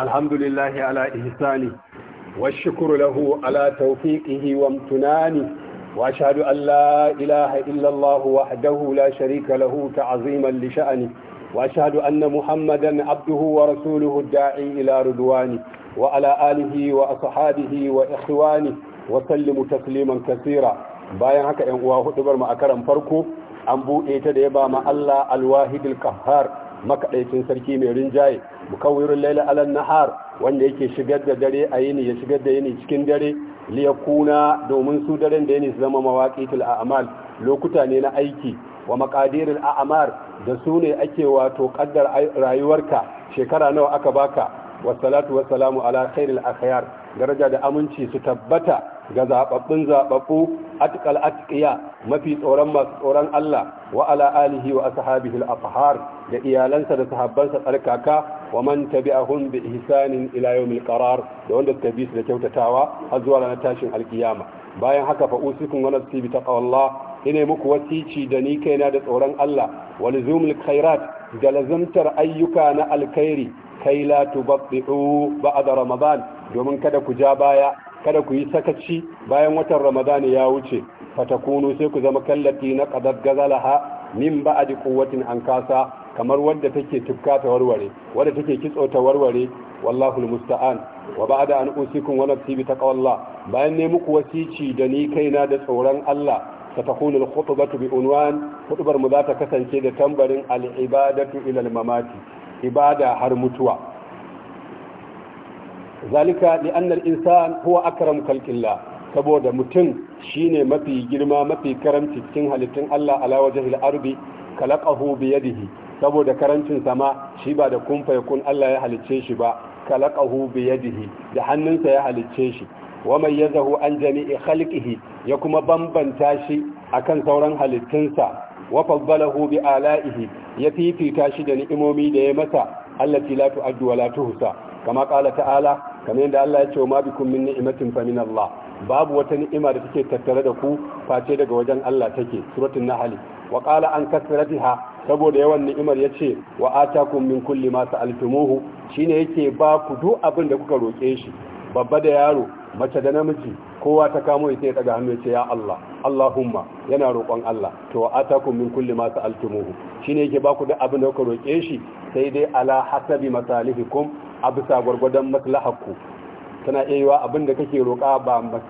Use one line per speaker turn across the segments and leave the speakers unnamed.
الحمد لله على إحسانه والشكر له على توفيقه وامتنانه وأشهد أن لا إله إلا الله وحده لا شريك له تعظيما لشأنه وأشهد أن محمدا عبده ورسوله الداعي إلى رضوانه وعلى آله وأصحابه وإخوانه وسلم تسليما كثيرا bayan haka ‘yan uwa hudubar mu a karan farko an buɗe ta da ya ba ma Allah alwahidul kahar makaɗaicin sarki mai rinjaye mukawwirin laila alal nahar wanda yake shigar da dare a yini ya shigar da yini cikin dare liyakuna domin su daren da yini su zama mawaqitul a'mal lokuta ne na aiki wa maqadiril a'mar da su ne ake wato kaddar rayuwarka shekara nawa aka baka wassalatu wassalamu ala khairil akhyar daraja da aminci su tabbata ga zababbun zababbu atikal atqiya mafi tsoron masu tsoron Allah wa ala alihi wa ashabihi al da iyalansa da sahabbansa tsarkaka wa man tabi'ahum bi ihsanin ila yawmil qarar da wanda suka bi su da kyautatawa har zuwa ranar tashin alkiyama bayan haka fa usikum wa nafsi bi taqwallah ina muku wasici da ni kaina da tsoron Allah wa luzumul khairat da lazumtar ayyuka na alkhairi kai la tubaddu ba'da ramadan domin kada ku ja baya kada ku yi sakaci bayan watan ramadani ya wuce fatakunu sai ku zama kallati na qadad gazalaha min ba'di quwwatin an kasa kamar wadda take tufka ta warware wadda take kitso ta warware wallahu musta'an wa ba'da an usikum wani nafsi ta kawalla, bayan ne muku wasici da ni kaina da tsoron Allah ستكون mu za ta kasance da tambarin al'ibadatu ilal إلى ibada har mutuwa. zalika li annal insan huwa akram khalqillah saboda mutum shine mafi girma mafi karamci cikin halittun Allah ala wajhil ardi khalaqahu bi yadihi saboda karancin sama shi ba da kun Allah ya halicce shi ba khalaqahu bi yadihi da hannunsa ya halicce shi wa yazahu an jami'i khalqihi ya kuma bambanta shi akan sauran halittunsa wa faddalahu bi ala'ihi ya fifita shi da ni'imomi da ya masa allati la tu'addu wa la tuhsa kama qala ta'ala kamar yadda Allah ya ce wa ma bikum min ni'matin fa min Allah babu wata ni'ima da take tattare da ku face daga wajen Allah take suratul nahl wa qala an kasratiha saboda yawan ni'imar yace wa atakum min kulli ma sa'altumuhu shine yake ba ku duk abin da kuka roke shi babba da yaro mace da namiji kowa ta kamo ya daga hannu ya ce ya Allah Allahumma yana roƙon Allah to wa atakum min kulli ma sa'altumuhu shine yake ba ku duk abin da kuka roke shi sai dai ala hasabi masalihikum a bisa gwargwadon maslahakku tana iya yiwa abin da kake roƙa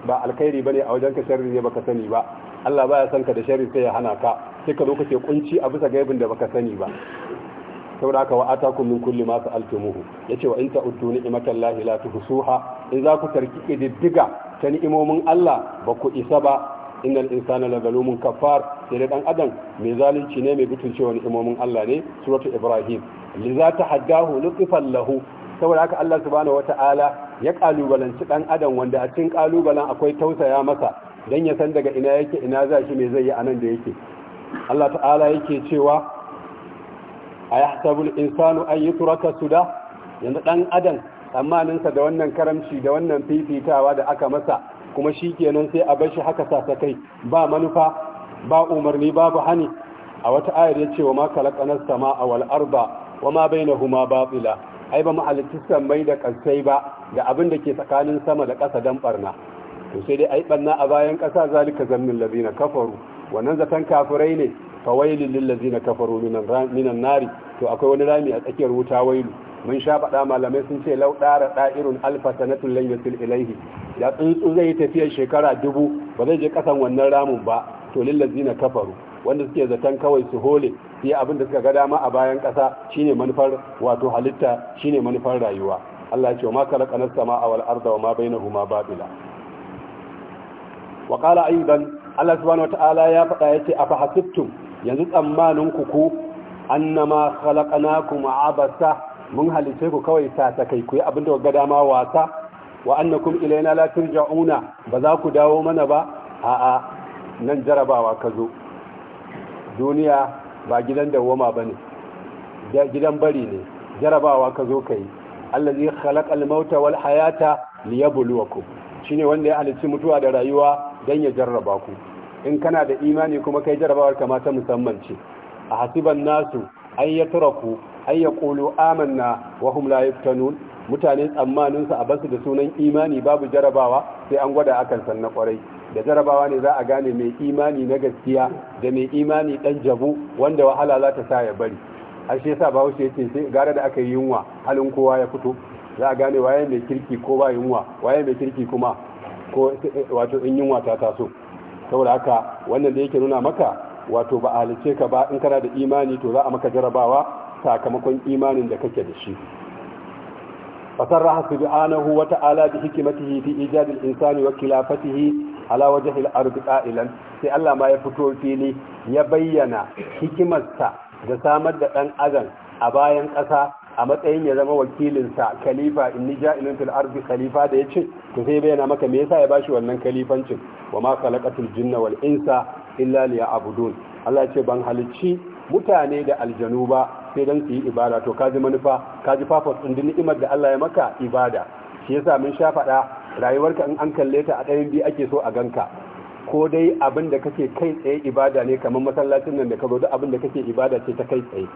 ba alkhairi bane a wajen ka sharri ne baka sani ba Allah baya son ka da sharri sai ya hana ka sai ka zo kake kunci a bisa gaibin da baka sani ba saboda haka wa atakum min kulli ma sa'altumuhu yace wa in ta'uddu ni'matallahi la tuhsuha in za ku tarki kididdiga ta ni'imomin Allah ba ku isa ba innal insana la zalumun kafar sai da dan adam mai zalunci ne mai butulcewa ni'imomin Allah ne suratul ibrahim liza tahaddahu lutfan lahu saboda haka Allah subhanahu wata'ala ya kalubalanci dan adam wanda a cikin kalubalen akwai tausaya masa dan ya san daga ina yake ina za shi me zai yi anan da yake Allah ta'ala yake cewa ayahsabul insanu an yutraka suda yanzu dan adam tsammaninsa da wannan karamci da wannan fifitawa da aka masa kuma shi kenan sai a bar shi haka sasakai ba manufa ba umarni babu hani a wata ayar ya ce wa ma kalaqanas samaa wal arda wa ma bainahuma batila ai ba mu halitta mai da kasai ba da abin da ke tsakanin sama da ƙasa dan barna to sai dai ai barna a bayan ƙasa zalika zannul ladina kafaru wannan zaton kafirai ne fawailin lillazina kafaru minan nari to akwai wani rami a tsakiyar wuta wailu mun sha faɗa malamai sun ce lau ɗara ɗa'irun na sanatun lan yasil ilaihi da tsuntsu zai yi tafiyar shekara dubu ba zai je ƙasan wannan ramin ba to lillazina kafaru wanda suke zaton kawai su hole su yi abin da suka ga dama a bayan ƙasa shine manufar wato halitta shine manufar rayuwa Allah ya ce ma kalaqanas samaa wal arda wa ma bainahuma babila wa qala aidan Allah subhanahu Ta'ala ya faɗa a afa hasibtum yanzu tsammanin ku ku annama khalaqnakum abasa mun halice ku kawai kai ku yi abin da ga dama wasa wa annakum ilaina la turja'una ba za ku dawo mana ba a'a nan jarabawa ka zo duniya ba gidan dawoma ba ne gidan bari ne jarabawa ka zo ka yi allazi khalaqal mauta wal hayata liyabluwakum shine wanda ya halicci mutuwa da rayuwa dan ya jarraba ku in kana da imani kuma kai jarabawar kamata ta musamman ce a hasiban nasu ay yatraku ay yaqulu amanna wa hum la yaftanun mutane tsammanin su a basu da sunan imani babu jarabawa, sai an gwada akan sannan kwarai da jarabawa ne za a gane mai imani na gaskiya da mai imani dan jabu wanda wahala za ta sa ya bari har shi yasa bawo shi yace sai gara da aka yi yunwa halin kowa ya fito za a gane waye mai kirki ko ba yunwa waye mai kirki kuma ko wato in yunwa ta taso saboda haka wannan da yake nuna maka wato ba halice ka ba in kana da imani to za a maka jarabawa sakamakon imanin da kake da shi fasarraha subhanahu wata'ala ta'ala bi hikmatihi fi ijad insani wa khilafatihi ala wajhil ardi ƙa'ilan sai Allah ma ya fito fili ya bayyana hikimarsa da samar da ɗan adam a bayan ƙasa a matsayin ya zama wakilinsa khalifa ni ja'ilun fil ardi khalifa da ya to sai bayyana maka me yasa ya bashi wannan khalifancin wa ma khalaqatul jinna wal insa illa liya'budun Allah ce ban halicci mutane da aljanu ba sai dan su yi ibada to kaji manufa kaji purpose din ni'imar da Allah ya maka ibada shi yasa mun sha faɗa rayuwarka in an kalle ta a ɗayan biyu ake so a ganka ko dai abin da kake kai tsaye ibada ne kamar masallacin nan da ka zo duk abin da kake ibada ce ta kai tsaye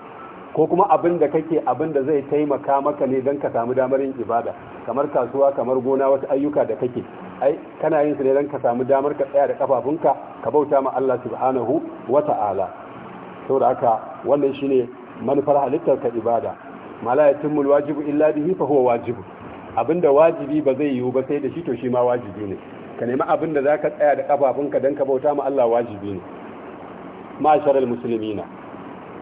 ko kuma abin da kake abin da zai taimaka maka ne don ka samu damar yin ibada kamar kasuwa kamar gona wasu ayyuka da kake ai kana yin su ne don ka samu damar ka tsaya da kafafunka ka bauta ma Allah subhanahu wa ta'ala saboda haka wannan shine manufar halittar ka ibada mala yatimul wajibu illa bihi fa huwa wajibu abinda wajibi ba zai yiwu ba sai da shi to shi ma wajibi ne ka nemi abin da ka tsaya da kafafunka don ka bauta ma Allah wajibi ne musulmi na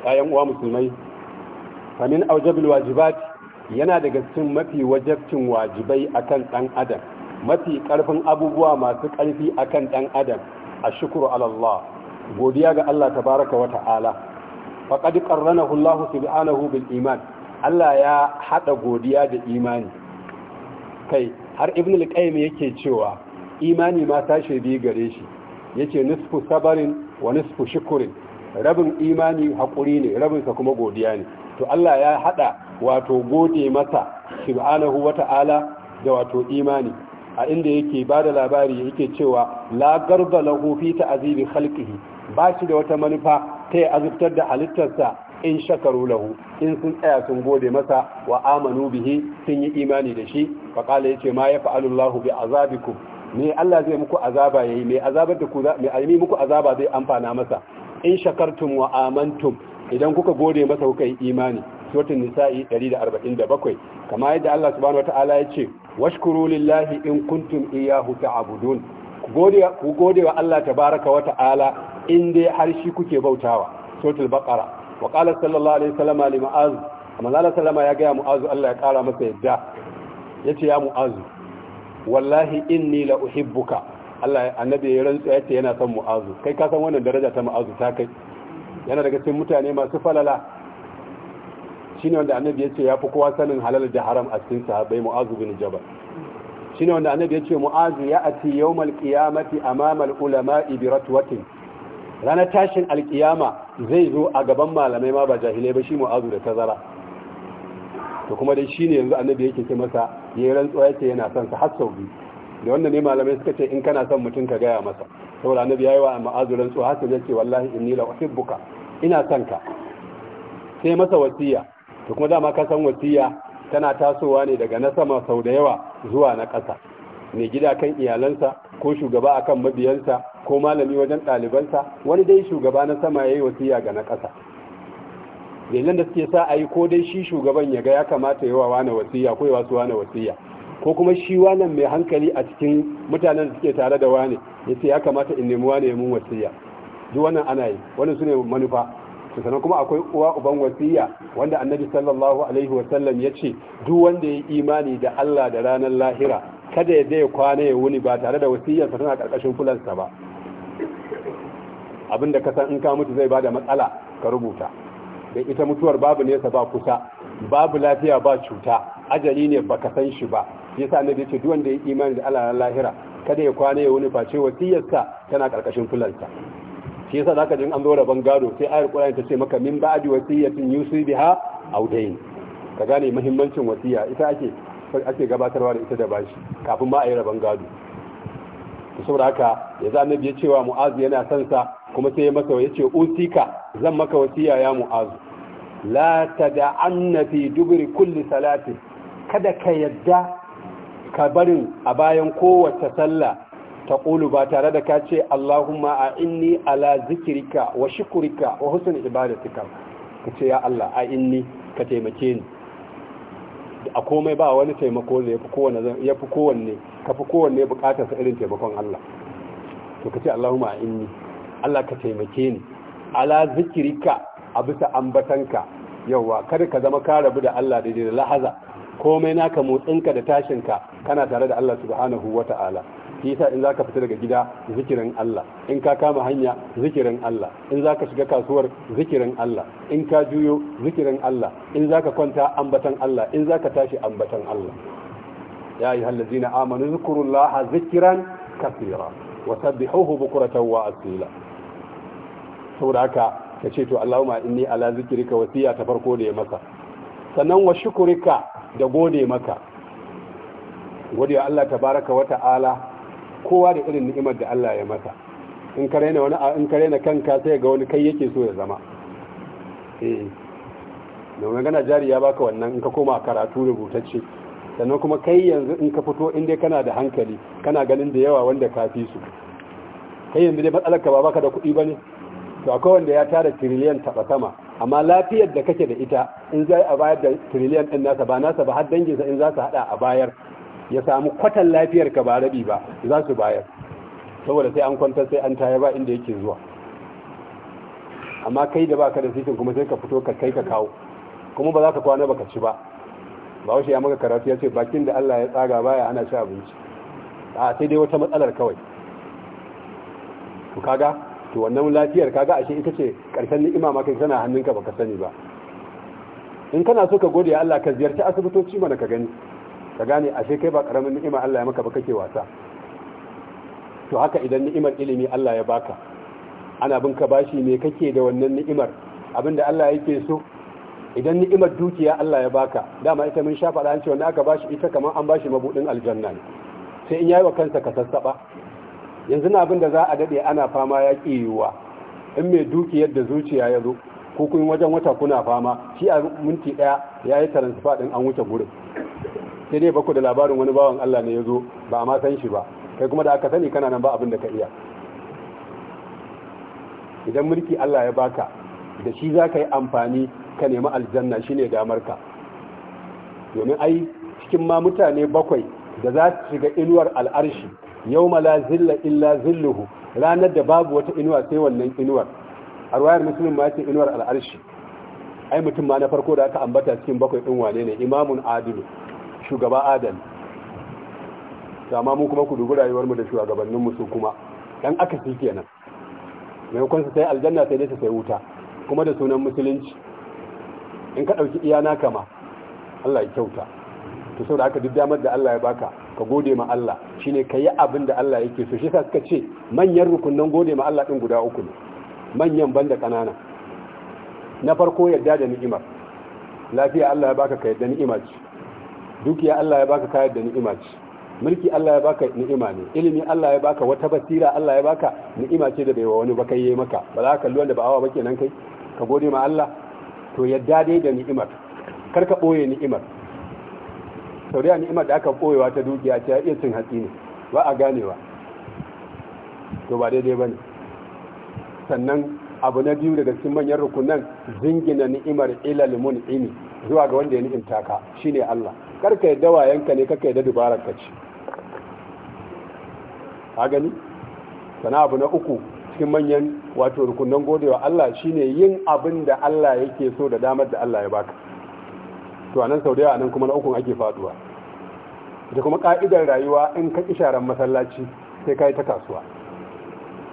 ayan uwa musulmai famin min wajibat yana daga cikin mafi wajabcin wajibai akan ɗan adam mafi karfin abubuwa masu karfi akan ɗan adam a ala Allah godiya ga Allah tabaraka wa ta'ala faqad qarranahu Allah subhanahu bil iman Allah ya hada godiya da imani kai har ibn al-qayyim yake cewa imani ma tashi biyu gare shi yace nisfu sabarin wa nisfu shukrin rabin imani haƙuri ne rabinsa kuma godiya ne to Allah ya hada wato gode masa subhanahu wata'ala da wato imani a inda yake ba da labari yake cewa la garba lahu fi ta'zibi khalqihi ba shi da wata manufa ta azubtar da halittarsa in shakaru lahu in sun tsaya sun gode masa wa amanu bihi sun yi imani da shi fa ya yace ma ya yaf'alu Allahu bi azabikum me Allah zai muku azaba yayi me azabar da ku me alimi muku azaba zai amfana masa in shakartum wa amantum idan kuka gode masa kuka yi imani suratul nisa'i 147 kama yadda Allah subhanahu wataala yace washkuru lillahi in kuntum iyyahu ta'budun ku gode wa Allah tabaraka wa ta'ala in dai har shi kuke bautawa suratul baqara wa qala sallallahu alaihi salama li mu'az amma Allah salama ya gaya mu'az Allah ya ƙara masa yadda ya ce ya mu'az wallahi inni la uhibbuka Allah ya annabi ya rantsa yace yana son mu'az kai ka san wannan daraja ta mu'az ta kai yana daga cikin mutane masu falala shine wanda annabi ce ya fi kowa sanin halal da haram a cikin sahabbai mu'az bin jabal shine wanda annabi ya ce mu'azu ya ati yawmal qiyamati amama al ulama'i bi ratwatin ranar tashin alƙiyama. zai zo a gaban malamai ma ba jahilai ba shi mu'azu da tazara to kuma dai shi ne yanzu annabi yake ce masa yi rantsuwa yake yana son sa har sau biyu da wannan ne malamai suka ce in kana son mutum ka gaya masa saboda annabi yi wa mu'azu rantsuwa har sai yace wallahi inni wasu buka ina son ka sai masa wasiya to kuma dama ka san wasiya tana tasowa ne daga na sama sau da yawa zuwa na ƙasa mai gida kan iyalansa ko shugaba akan mabiyansa ko malami wajen ɗalibansa wani dai shugaba na sama ya yi wasiya ga na ƙasa dalilan da suke sa a yi ko dai shi shugaban ya ga ya kamata yawa wane wasiya ko yawa su wane wasiya ko kuma shi wannan mai hankali a cikin mutanen da suke tare da wane ya ce ya kamata in nemi wane ya mun wasiya duk wannan ana yi wani su ne manufa sannan kuma akwai uwa uban wasiya wanda annabi sallallahu alaihi wasallam ya ce duk wanda ya imani da Allah da ranar lahira kada ya dai kwana ya wuni ba tare da wasiyarsa tana karkashin fulansa ba abinda ka san in ka mutu zai bada matsala ka rubuta da ita mutuwar babu nesa ba kusa babu lafiya ba cuta ajali ne ba ka san shi ba yasa annabi ya ce duk wanda ya imani da Allah lahira kada ya kwana ya wani face wasiyarsa tana karkashin fulansa shi yasa zaka jin an zo rabon gado sai ayar Qur'ani ta ce maka min ba'di wasiyatin yusi biha aw dayn ka gane muhimmancin wasiya ita ake ake gabatarwa da ita da bashi kafin ma a yi rabon gado saboda haka ya za annabi ya cewa mu'azu yana son sa kuma sai ya masa ya ce usika zan maka wasiya ya mu'azu la tad'anna fi dubri kulli salati kada ka yadda ka barin a bayan kowace sallah ta ƙulu ba tare da ka ce Allahumma a inni ala zikirika wa shukurika wa husn ibadatika ka ce ya Allah a inni ka taimake ni a komai ba wani taimako da ya fi kowanne ka fi kowanne bukatarsa irin taimakon Allah to ka ce Allahumma inni Allah ka taimake ni ala zikirika a bisa ambatanka yawa kada ka zama ka rabu da Allah daidai da lahaza komai naka motsinka da tashinka kana tare da Allah subhanahu wata'ala shi yasa in zaka fita daga gida zikirin Allah in ka kama hanya zikirin Allah in zaka shiga kasuwar zikirin Allah in ka juyo zikirin Allah in zaka kwanta ambatan Allah in zaka tashi ambatan Allah ya ayyuhal ladzina amanu zkurullaha zikran kathira wa sabbihuhu bukratan wa asila saboda haka ce to Allahumma inni ala zikrika wasiya ta farko da ya sannan wa shukrika da gode maka gode Allah tabaraka wa ta'ala kowa da irin ni'imar da Allah ya masa in kare raina wani in ka raina kanka sai ga wani kai yake so ya zama eh da magana jari ya baka wannan in ka koma karatu rubutacce sannan kuma kai yanzu in ka fito inda kana da hankali kana ganin da yawa wanda ka fi su kai yanzu dai matsalar ka ba baka da kuɗi bane to akwai wanda ya tara trillion ta sama amma lafiyar da kake da ita in zai a bayar da trillion ɗin nasa ba nasa ba har danginsa in za su haɗa a bayar ya samu kwatan lafiyar ka ba rabi ba za su bayar saboda sai an kwanta, sai an taya ba inda yake zuwa amma kai da baka da sikin kuma sai ka fito ka kai ka kawo kuma ba za ka kwana baka ci ba ba wasu ya maka karatu ya ce bakin da Allah ya tsaga baya ana ci abinci a sai dai wata matsalar kawai to kaga to wannan lafiyar kaga ashe ita ce karshen ni'ima ma kai tana hannunka baka sani ba in kana so ka gode Allah ka ziyarci asibitoci mana ka gani ka gane ashe kai ba karamin ni'ima Allah ya maka ba kake wasa to haka idan ni'imar ilimi Allah ya baka ana bin ka bashi me kake da wannan ni'imar abinda Allah yake so idan ni'imar dukiya Allah ya baka dama ita mun shafa da hanci wanda aka bashi ita kamar an bashi mabudin aljanna ne sai in yayi wa kansa ka sassaba yanzu na abin za a dade ana fama ya yiwuwa in mai dukiyar da zuciya ya zo ko kun wajen wata kuna fama shi a minti daya yayi transfer din an wuce gurin sai dai bako da labarin wani bawan Allah ne ya zo ba ma san shi ba kai kuma da aka sani kana nan ba abin da ka iya idan mulki Allah ya baka da shi za ka yi amfani ka nemi aljanna shi ne damar ka domin ai cikin ma mutane bakwai da za su shiga inuwar al'arshi yau la zilla illa zilluhu ranar da babu wata inuwa sai wannan inuwar a ruwayar musulun ma ce inuwar al'arshi ai mutum ma na farko da aka ambata cikin bakwai din wane ne imamun adilu shugaba adali amma mu kuma ku dubi rayuwarmu da shugabanninmu su kuma dan aka fi nan. maimakon su sai aljanna sai dai su sai wuta kuma da sunan musulunci in ka ɗauki iyana kama Allah ya kyauta to saboda haka duk damar da Allah ya baka ka gode ma Allah shine ka yi abin da Allah yake so shi sa suka ce manyan rukunnan gode ma Allah din guda uku ne manyan banda kanana na farko yadda da ni'imar lafiya Allah ya baka ka yadda ni'ima ce dukiya Allah ya baka kayar da ni'ima ce mulki Allah ya baka ni'ima ne ilimi Allah ya baka wata basira Allah ya baka ni'ima ce da bai wa wani ba kai yayi maka ba za ka kalli wanda ba awa ba kenan kai ka gode ma Allah to yadda dai da ni'imar kar ka boye ni'imar a ni'imar da aka boyewa ta dukiya ce iya cin hatsi ne ba a ganewa to ba daidai bane sannan abu na biyu daga cikin manyan rukunan zingina ni'imar ilal mun'imi zuwa ga wanda ya ni'imta ka shine Allah karka yadda wayanka ne kaka yadda dubarar ka ce a gani sana abu na uku cikin manyan wato rukunan godewa Allah shi ne yin abin da Allah yake so da damar da Allah ya baka to anan sau da yawa anan kuma na ukun ake faduwa da kuma ka'idar rayuwa in ka sharan masallaci sai ka yi ta kasuwa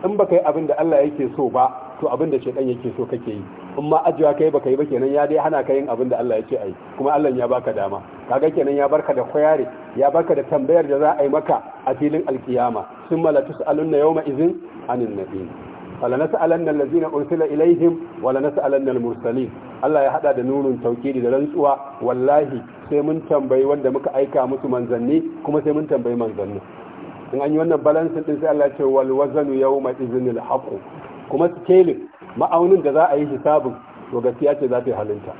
in baka yi abin da Allah yake so ba to abin da shaɗan yake so kake yi in ma ajiya kai baka yi ba kenan ya dai hana ka yin abin da Allah ya ce ai kuma Allah ya baka dama kaga kenan ya barka da koyare ya barka da tambayar da za a yi maka a filin alkiyama sun malatu sa'alunna yawma izin anin nabiyyi fala nas'alanna allazina ursila ilaihim wala nas'alanna al-mursalin Allah ya hada da nurun tauhidi da rantsuwa wallahi sai mun tambayi wanda muka aika musu manzanni kuma sai mun tambayi manzanni in an yi wannan balansin din sai Allah ya ce wal wazanu yawma izinil haqq kuma scaling ma'aunin da za a yi hisabin to gaskiya ce za ta yi halinta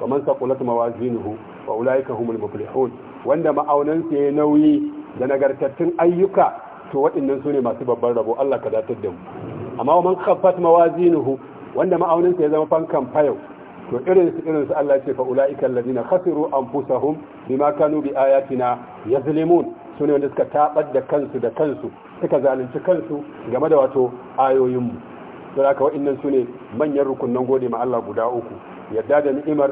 kamar saqulat mawazinuhu wa ulaika humul muflihun wanda ma'aunan su yayi nauyi da nagartattun ayyuka to waɗannan su ne masu babban rabo Allah ka datar da mu amma man khaffat mawazinuhu wanda ma'aunin su ya zama fankan fayau to irin su irin su Allah ce fa ulaika alladhina khasiru anfusahum bima kanu bi ayatina yazlimun su ne wanda suka tabar da kansu da kansu suka zalunci kansu game da wato ayoyinmu don haka wa'annan su ne manyan rukunan gode ma Allah guda uku yadda da ni'imar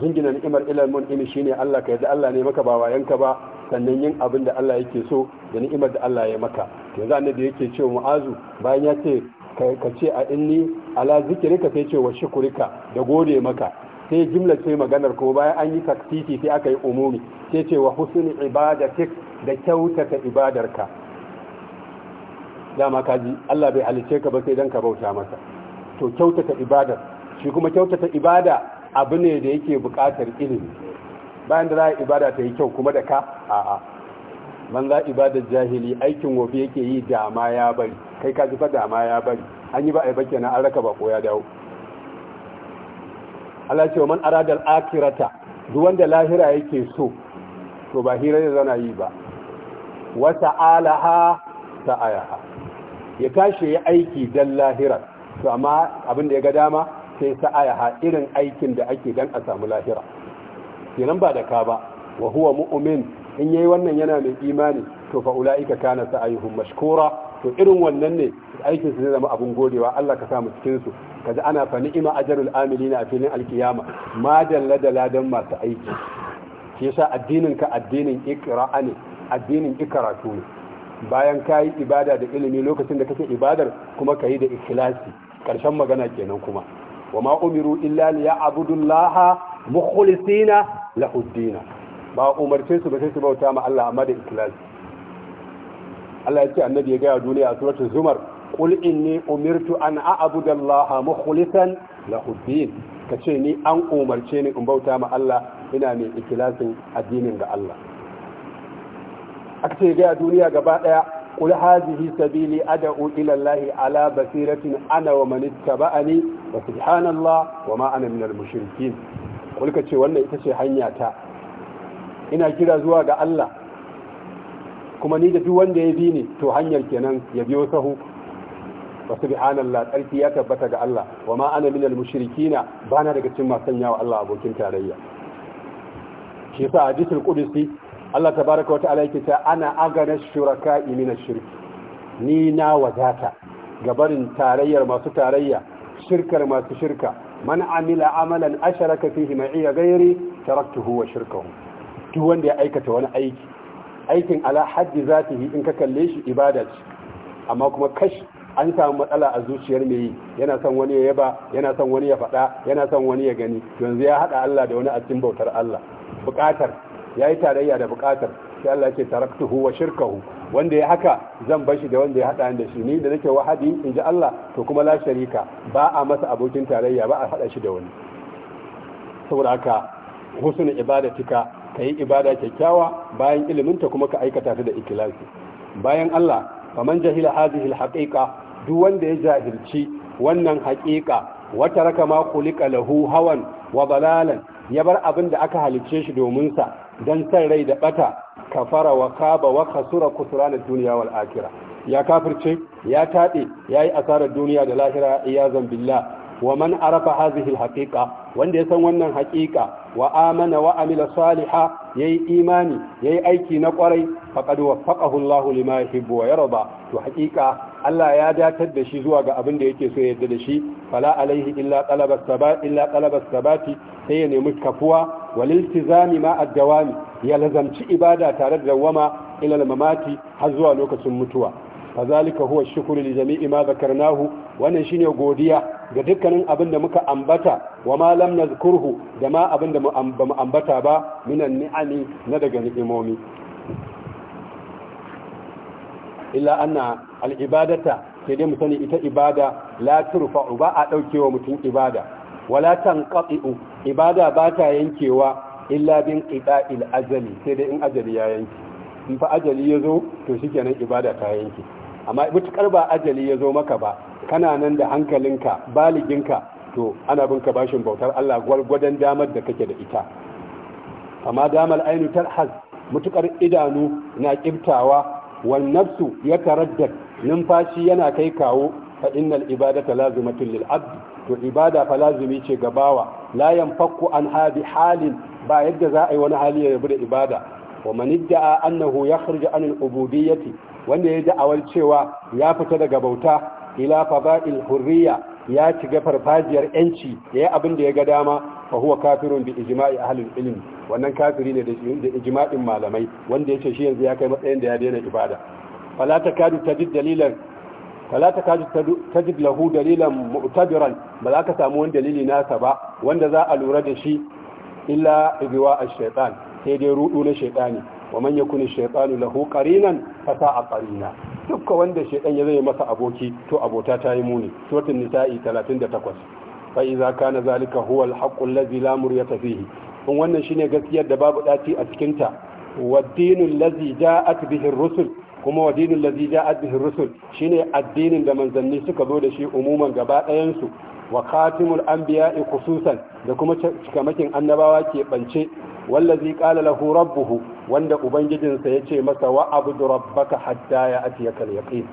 jingina ni'imar ilal imi shine Allah ka yadda Allah ne maka ba wayanka ba sannan yin abin da Allah yake so da ni'imar da Allah ya maka yanzu annabi yake ce mu'azu bayan ya ce ka ce a inni ala zikrika sai ce wa shukurika da gode maka sai jimla ce maganar ko bayan an yi taktiti sai aka yi umumi sai ce wa husni ibadatik da kyautata ibadarka dama ka ji Allah bai halice ka ba sai dan ka bauta masa to kyautata ibadar shi kuma kyautata ibada abu ne da yake bukatar ilimi bayan da za a ibada ta yi kyau kuma da ka a'a man za ibadar jahili aikin wofi yake yi dama ya bari kai ka ji fa dama ya bari an yi ba a yi ba kenan an raka ba ko ya dawo Allah ce wa man aradal akirata duk wanda lahira yake so to ba hira ne zana yi ba wa ta'alaha ta'ayaha ya tashi ya aiki dan lahira to amma abin da ya ga dama sai ta'ayaha irin aikin da ake dan a samu lahira kenan ba da ka ba wa huwa mu'min in yayi wannan yana mai imani to fa ulaika kana sa'ayuhum mashkura to irin wannan ne aikin su zai zama abun godewa Allah ka samu cikin su kaji ana fa ni'ima ajrul amilina a filin alkiyama ma dalla da ladan masu aiki shi yasa addinin ka addinin ikra'a ne addinin ikaratu ne bayan kayi ibada da ilimi lokacin da kake ibadar kuma kayi da ikhlasi karshen magana kenan kuma wa ma umiru illa ya'budullaha mukhlisina lahu ad ba umarce su ba sai su bauta ma Allah amma da ikhlasi Allah ya ce annabi ya gaya duniya a suratul zumar qul inni umirtu an a'budu allaha mukhlishan lahu din kace ni an umarce ni in bauta ma Allah ina mai ikhlasin addinin ga Allah akace ce gaya duniya gaba daya qul hadhihi sabili ad'u ila allahi ala basiratin ana wa man ittaba'ani wa subhanallah wa ma ana minal mushrikin qul kace wannan ita ce hanya ta ina kira zuwa ga Allah kuma ni da duk wanda ya bi ni to hanyar kenan ya biyo sahu wa subhanallah tsarki ya tabbata ga Allah wa ma ana minal mushrikina bana daga cikin masu sanya wa Allah abokin tarayya shi yasa hadisul qudsi Allah tabaraka wa ta'ala yake ta ana agana shuraka min ash-shirk ni na wadata gabarin tarayyar masu tarayya shirkar masu shirka man amila amalan asharaka fihi ma'i ghairi taraktuhu wa shirkahu duk wanda ya aikata wani aiki aikin ala haddi zatihi in ka kalle shi ibada ce amma kuma kash an samu matsala a zuciyar mai yi yana son wani ya yaba yana son wani ya faɗa yana son wani ya gani yanzu ya haɗa Allah da wani a bautar Allah buƙatar ya yi tarayya da buƙatar sai Allah ce taraktuhu wa shirkahu wanda ya haka zan bar shi da wanda ya haɗa da shi ni da nake wahadi in ji Allah to kuma la sharika ba a masa abokin tarayya ba a haɗa shi da wani saboda haka husnul ibadatika ka yi ibada kyakkyawa bayan iliminta kuma ka aikata ta da ikilasi bayan Allah man jahila hadhihi alhaqiqa duk wanda ya jahilci wannan haqiqa wa taraka ma khuliqa lahu hawan wa dalalan ya bar abin da aka halice shi domin sa dan san rai da bata kafara wa kaba wa khasura kusrana dunya wal akhirah ya kafirce ya tade yayi asarar duniya da lahira iyazan billah wa man arafa hadhihi alhaqiqa wanda ya san wannan haqiqa wa amana wa amila saliha yayi imani yayi aiki na kwarai faqad waffaqahu Allah lima yuhibbu wa yarda to haqiqa Allah ya datar da shi zuwa ga abin da yake so yadda da shi fala alaihi illa talabas sabati illa sai ya nemi kafuwa wal iltizami ma ad-dawami ya lazamci ibada tare da dawama ila al-mamati har zuwa lokacin mutuwa فذلك هو الشكر لجميع ما ذكرناه wannan shine godiya ga dukkanin abin da muka ambata wa ma lam nazkurhu da ma abin da mu ambata ba minan ni'ami na daga ni'imomi illa anna al-ibadata sai dai mu sani ita ibada la turfa'u ba a daukewa mutum ibada wala tanqati'u ibada ba ta yankewa illa bin qita'il azali sai dai in ajali ya yanke in fa ajali yazo to shikenan ibada ta yanke amma mutukar ba ajali ya zo maka ba kana nan da hankalinka baliginka to ana bin ka bashin bautar Allah gwargwadon damar da kake da ita amma damar ainu tarhaz mutukar idanu na kibtawa wal nafsu ya taraddad numfashi yana kai kawo fa innal ibadata lazimatun lil abd to ibada fa lazimi ce ga bawa la yanfaku an hadi halin ba yadda za a yi wani hali ya rabu da ibada wa man idda annahu yakhruju an al-ubudiyyati wanda ya da'awar cewa ya fita daga bauta ila fada'il hurriya ya shiga farfajiyar yanci yayi abin da ya ga dama fa huwa kafirun bi ijma'i ahli ilm wannan kafiri ne da ijma'in malamai wanda yace shi yanzu ya kai matsayin da ya daina ibada fala takadu tajid dalilan fala dalilan mu'tabiran ba za ka samu wani dalili nasa ba wanda za a lura da shi illa ibwa ash-shaytan sai dai ruɗu na shaytani wa manya yakuni shaytanu lahu qarinan fa a qarina dukka wanda shaytan ya zai masa aboki to abota ta yi muni suratul nisa'i 38 fa idza kana zalika huwa al-haqqu lamur la tafi fihi in wannan shine gaskiyar da babu daci a cikin ta waddinu allazi ja'at bihi ar-rusul kuma waddinu allazi ja'at bihi ar-rusul shine addinin da manzanni suka zo da shi umuman gaba ɗayan su wa khatimul anbiya'i khususan da kuma cikamakin annabawa ke bance wallazi qala lahu rabbuhu wanda ubangijinsa ya ce masa wa abudu rabbaka hatta ya'tiyaka al-yaqin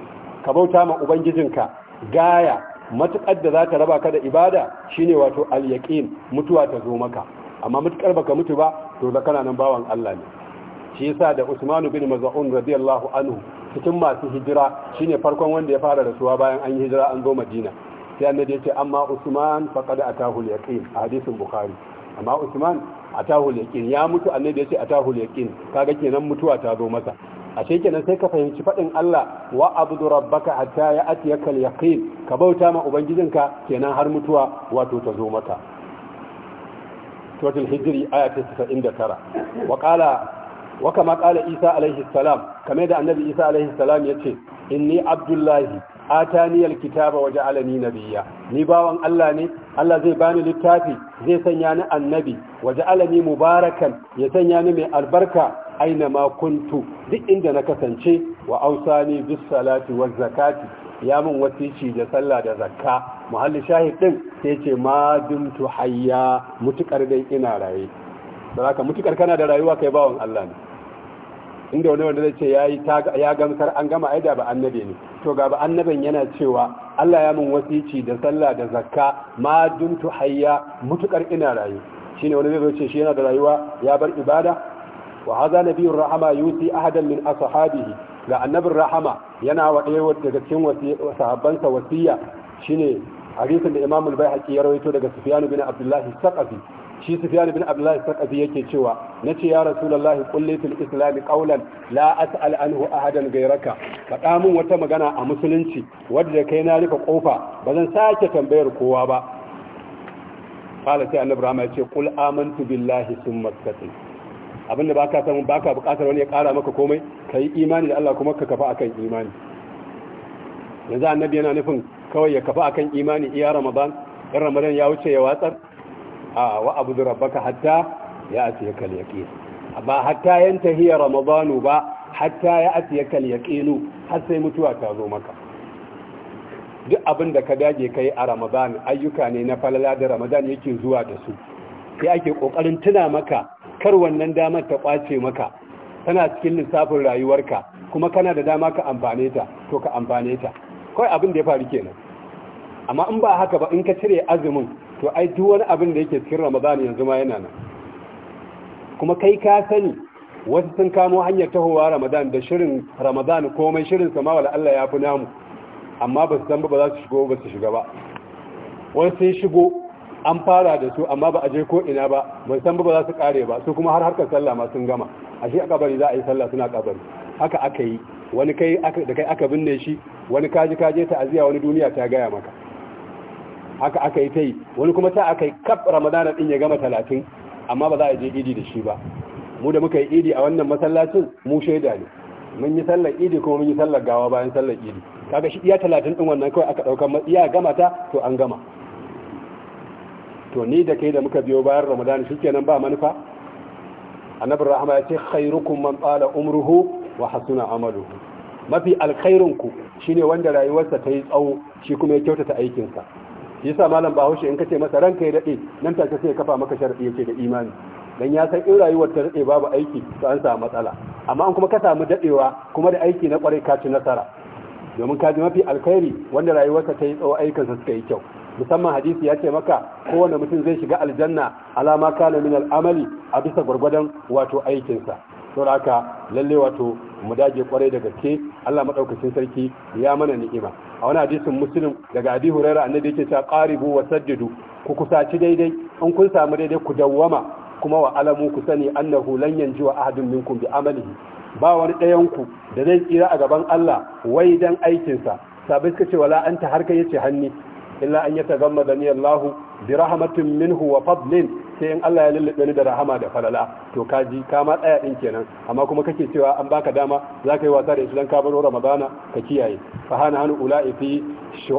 ka bauta ma ubangijinka gaya matuƙar da zata raba ka da ibada shine wato al mutuwa ta zo maka amma mutukar baka mutu ba to da kana nan bawan Allah ne shi yasa da Usman bin Maz'un radiyallahu anhu cikin masu hijira shine farkon wanda ya fara rasuwa bayan an yi hijira an zo Madina sai annabi ya ce amma usman faqad atahu al-yaqin a hadisin bukhari amma usman atahu al-yaqin ya mutu annabi ya ce atahu al-yaqin kaga kenan mutuwa ta zo masa ashe kenan sai ka fahimci fadin Allah wa abdu rabbaka hatta ya'tiyaka al-yaqin ka bauta ma ubangijinka kenan har mutuwa wato ta zo maka suratul hijri aya 99 wa qala wa kama qala isa alaihi salam kamar da annabi isa alaihi salam yace inni abdullahi ataniyal kitaba waje alani nabiya ni bawan Allah ne Allah zai bani littafi zai sanya ni annabi waje alani mubarakan ya sanya ni mai albarka aina ma kuntu duk inda na kasance wa ausani bis salati waz zakati ya min wasici da sallah da zakka muhalli shahid din sai ce ma dumtu hayya mutukar dai ina raye saboda mutukar kana da rayuwa kai bawan Allah ne inda wani wanda zai ce ya gamsar an gama aida ba annabi ne to ga ba annabin yana cewa Allah ya mun wasici da sallah da zakka ma duntu hayya mutukar ina rayu shine wani zai ce shi yana da rayuwa ya bar ibada wa hadha nabiyur rahama yusi ahadan min ashabihi ga annabin rahama yana wa ɗaya daga cikin sahabbansa wasiya shine hadisin da Imamul bai ya rawaito daga Sufyan bin abdullahi Saqafi shi sufyan bin abdullahi saqafi yake cewa na ce ya rasulullahi qulli fil islam qawlan la as'al anhu ahadan gairaka faɗa min wata magana a musulunci wadda kai na rufe kofa ba zan sake tambayar kowa ba qala sai annabi rahama yace qul amantu billahi thumma istaqim abinda baka san baka bukatar wani ya kara maka komai kai imani da Allah kuma ka kafa akan imani yanzu annabi yana nufin kawai ya kafa akan imani iya ramadan in ramadan ya wuce ya watsar a wa abudu rabbaka hatta ya atiyaka al-yaqin ba hatta yantahi ramadanu ba hatta ya atiyaka al-yaqinu har sai mutuwa ta zo maka duk abin da ka dage kai a ramadan ayyuka ne na falala da ramadan yake zuwa da su sai ake kokarin tuna maka kar wannan damar ta kwace maka tana cikin lissafin rayuwarka kuma kana da dama ka amfane ta to ka amfane ta kai abin da ya faru kenan amma in ba haka ba in ka cire azumin to ai duk wani abin da yake cikin ramadan yanzu ma yana nan kuma kai ka sani wasu sun kamo hanyar tahowa ramadan da shirin ramadan komai shirin sama wala Allah ya fi namu amma ba su san ba za su shigo ba su shiga ba wani sun shigo an fara da su amma ba a je ko ina ba ba san ba za su kare ba su kuma har harkar sallah ma sun gama ashe a kabari za a yi sallah suna kabari haka aka yi wani kai da kai aka binne shi wani kaji kaje ta aziya wani duniya ta gaya maka haka aka yi ta yi wani kuma ta aka yi kaf ramadana din ya gama talatin amma ba za a je idi da shi ba mu da muka yi idi a wannan masallacin mu shaida ne mun yi sallar idi kuma mun yi sallar gawa bayan sallar idi kaga shi iya talatin din wannan kawai aka ɗaukar iya gama ta to an gama to ni da kai da muka biyo bayan ramadana shikenan ba manufa annabi rahama ya ce khairukum man qala umruhu wa hasuna amaluhu mafi alkhairunku shine wanda rayuwarsa ta yi tsawo shi kuma ya kyautata aikinsa shi yasa malam bahaushe in kace masa ranka ya dade nan ta sai kafa maka sharadi yace da imani dan ya san in rayuwar ta dade babu aiki to an samu matsala amma an kuma ka samu dadewa kuma da aiki na kwarai ka ci nasara domin ka ji mafi alkhairi wanda rayuwarka ta yi tsawo sa suka yi kyau musamman hadisi ya ce maka kowane mutum zai shiga aljanna alama kana min al'amali a bisa gwargwadon wato aikinsa saboda haka lalle wato mu dage kwarai da gaske Allah madaukakin sarki ya mana ni'ima a wani hadisin musulun, daga abi huraira annabi yake ta qaribu wa sajidu ku kusaci daidai in kun samu daidai ku dawwama kuma wa alamu ku sani annahu lan wa ahadun minku, bi amalihi ba wani ɗayanku da zai tsira a gaban Allah wai dan aikinsa sabai suka ce wala anta har kai yace hanni illa an ni Allah bi rahmatin minhu wa fadlin sai in Allah ya lullube ni da rahama da falala to ka ji ka ma tsaya din kenan amma kuma kake cewa an baka dama za ka yi wasa da islam ka baro ramadana ka kiyaye fa hana hanu ula'i fi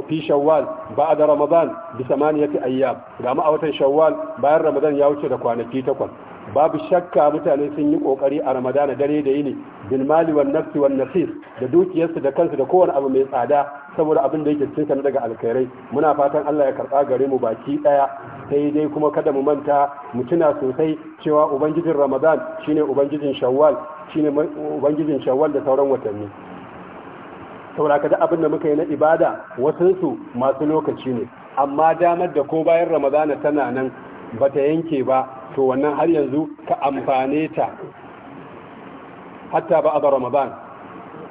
fi shawwal ba'da ramadan bi samaniyati ayyam ga ma a watan shawwal bayan ramadan ya wuce da kwanaki takwas babu shakka mutane sun yi kokari a ramadana dare da yini bil mali wan nafsi wan nafis da dukiyarsu da kansu da kowane abu mai tsada saboda abin da yake cikin sana daga alkhairai muna fatan Allah ya karba gare mu baki daya sai dai kuma kada mu manta mu tuna sosai cewa ubangijin ramadan shine ubangijin shawwal shine ubangijin shawwal da sauran watanni saboda kada abin da muka yi na ibada wasansu masu lokaci ne amma damar da ko bayan ramadana tana nan bata yanke ba to wannan har yanzu ka amfane ta hatta ba a ramadan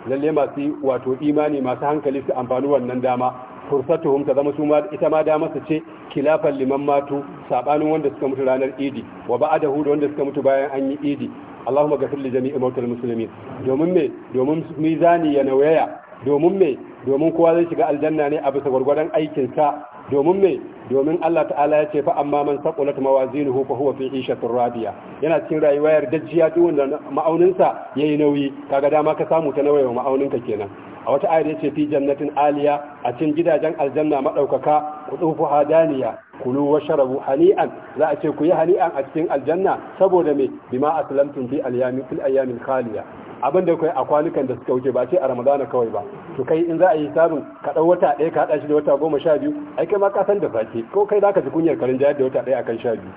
lalle masu wato imani masu hankali su amfani wannan dama fursatuhum ta zama suma ita ma dama su ce kilafan liman matu sabanin wanda suka mutu ranar idi wa ba'adahu da wanda suka mutu bayan an yi idi Allahumma ghafir li jami'i mautal muslimin domin me domin mizani ya nauyaya? domin me domin kowa zai shiga aljanna ne a bisa gwargwadon aikinsa domin me domin Allah ta'ala ya ce fa amma man saqulat mawazinuhu fa huwa fi ishatir rabiya yana cikin rayuwa yardajjiya duk wanda ma'auninsa yayi nauyi kaga dama ka samu ta ma'aunin ka kenan a wata ayar yace fi jannatin aliya a cikin gidajen aljanna madaukaka qutufu hadaniya kulu wa sharabu hani'an za a ce ku yi hani'an a cikin aljanna saboda me bima aslamtum fi alyamin fil ayyamin khaliya abin da kai a kwanukan da suka wuce ba ce a ramadana kawai ba to kai in za a yi sabin ka wata ɗaya ka haɗa shi da wata goma sha biyu ai kai ma ka san da sake ko kai za ka ji kunyar karin jayar da wata ɗaya akan sha biyu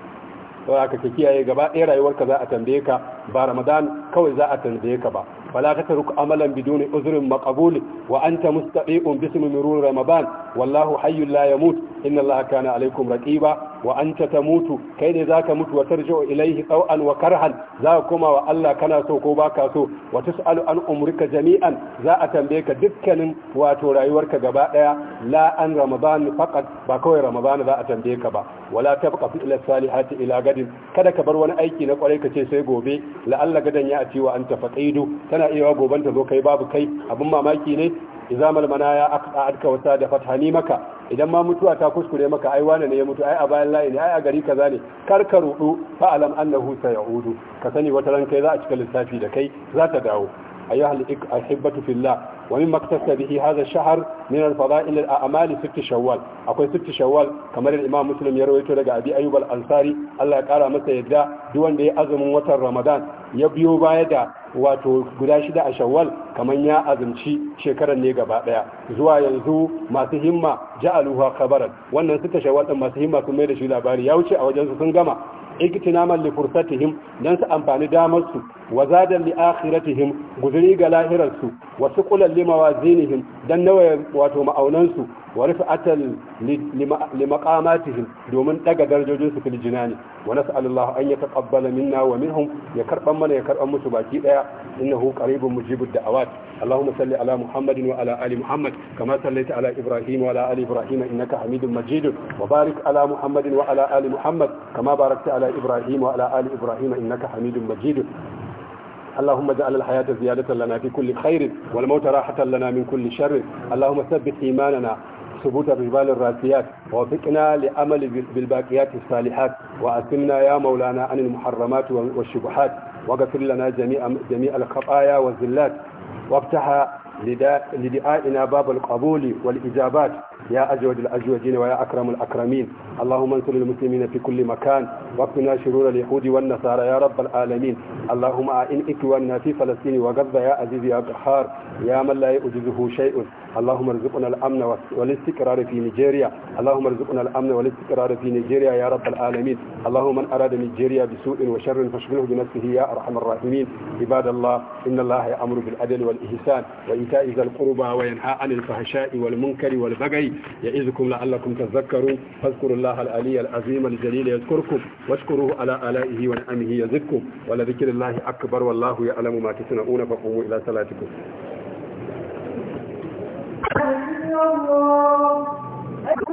to aka ka kiyaye gaba ɗaya rayuwarka za a tambaye ka ba ramadan kawai za a tambaye ka ba fala ta tarku amalan biduni uzrin maqbul wa anta mustaqi'un bismi murur ramadan wallahu hayyul la yamut inna allaha kana alaykum raqiba wa ta mutu kai ne zaka mutu wa tarji'u ilaihi taw'an wa karhan za ka koma wa Allah kana so ko baka so wa tus'alu an umrika jami'an za a tambaye ka dukkanin wato rayuwarka gaba daya la an ramadan faqat ba kawai ramadan za a tambaye ka ba wala tabqa fi ila salihati ila gadin kada ka bar wani aiki na kwarai ka ce sai gobe la Allah gadan ya ci wa anta faqidu tana iya goban ta zo kai babu kai abun mamaki ne izamal manaya aka wata da fata maka idan ma mutuwa ta kuskure maka ai wane ne ya mutu ai a bayan layi ne ai a gari kaza ne kar ka rudu fa alam annahu sayaudu ka sani wata ran kai za a cika lissafi da kai za ta dawo a ayyuhal ahibatu fillah wa mimma kasaba bihi hadha ash-shahr min al-fadail al-a'mal fi tishawwal akwai sitti shawwal kamar imam muslim ya rawaito daga abi ayyub al-ansari Allah ya kara masa yadda duk wanda ya yi azumin watan ramadan ya biyo baya da wato guda shida a shawwal kamar ya azumci shekarar ne gaba daya zuwa yanzu masu himma ja'aluha khabaran wannan suka shawwal din masu himma sun mai da shi labari ya wuce a wajen su sun gama igtinaman li fursatihim dan su amfani damar su wa zadan li akhiratihim guzuri ga lahirar wasu wa suqulan li mawazinihim dan nawa wato ma'aunan su wa rifa'atan li maqamatihim domin daga darajojin su fil jinani wa allah an yataqabbala minna wa minhum ya karban mana ya karban musu baki daya innahu qaribun mujibud da'awat allahumma salli ala muhammadin wa ala ali muhammad kama sallaita ala ibrahim wa ala ali ibrahim innaka hamidum majid wa barik ala muhammadin wa ala ali muhammad kama barakta ala ibrahim wa ala ali ibrahim innaka hamidum majid اللهم اجعل الحياة زيادة لنا في كل خير والموت راحة لنا من كل شر اللهم ثبت إيماننا ثبوت الرجال الراسيات ووفقنا لأمل بالباقيات الصالحات وأسمنا يا مولانا عن المحرمات والشبهات وغفر لنا جميع, جميع الخطايا والزلات وافتح لدائنا باب القبول والإجابات يا أجود الأجودين ويا أكرم الأكرمين اللهم انصر المسلمين في كل مكان واقنا شرور اليهود والنصارى يا رب العالمين اللهم أعن إكواننا في فلسطين وغزة يا عزيز يا قهار يا من لا يؤجزه شيء اللهم ارزقنا الأمن والاستقرار في نيجيريا اللهم ارزقنا الأمن والاستقرار في نيجيريا يا رب العالمين اللهم من أراد نيجيريا بسوء وشر فاشغله بنفسه يا أرحم الراحمين عباد الله إن الله يأمر بالعدل والإحسان وإيتاء ذي القربى وينهى عن الفحشاء والمنكر والبغي يعظكم لعلكم تذكرون فاذكروا الله العلي العظيم الجليل يذكركم واشكروه على آلائه ونعمه يزدكم ولذكر الله أكبر والله يعلم ما تصنعون فقوموا إلى صلاتكم الله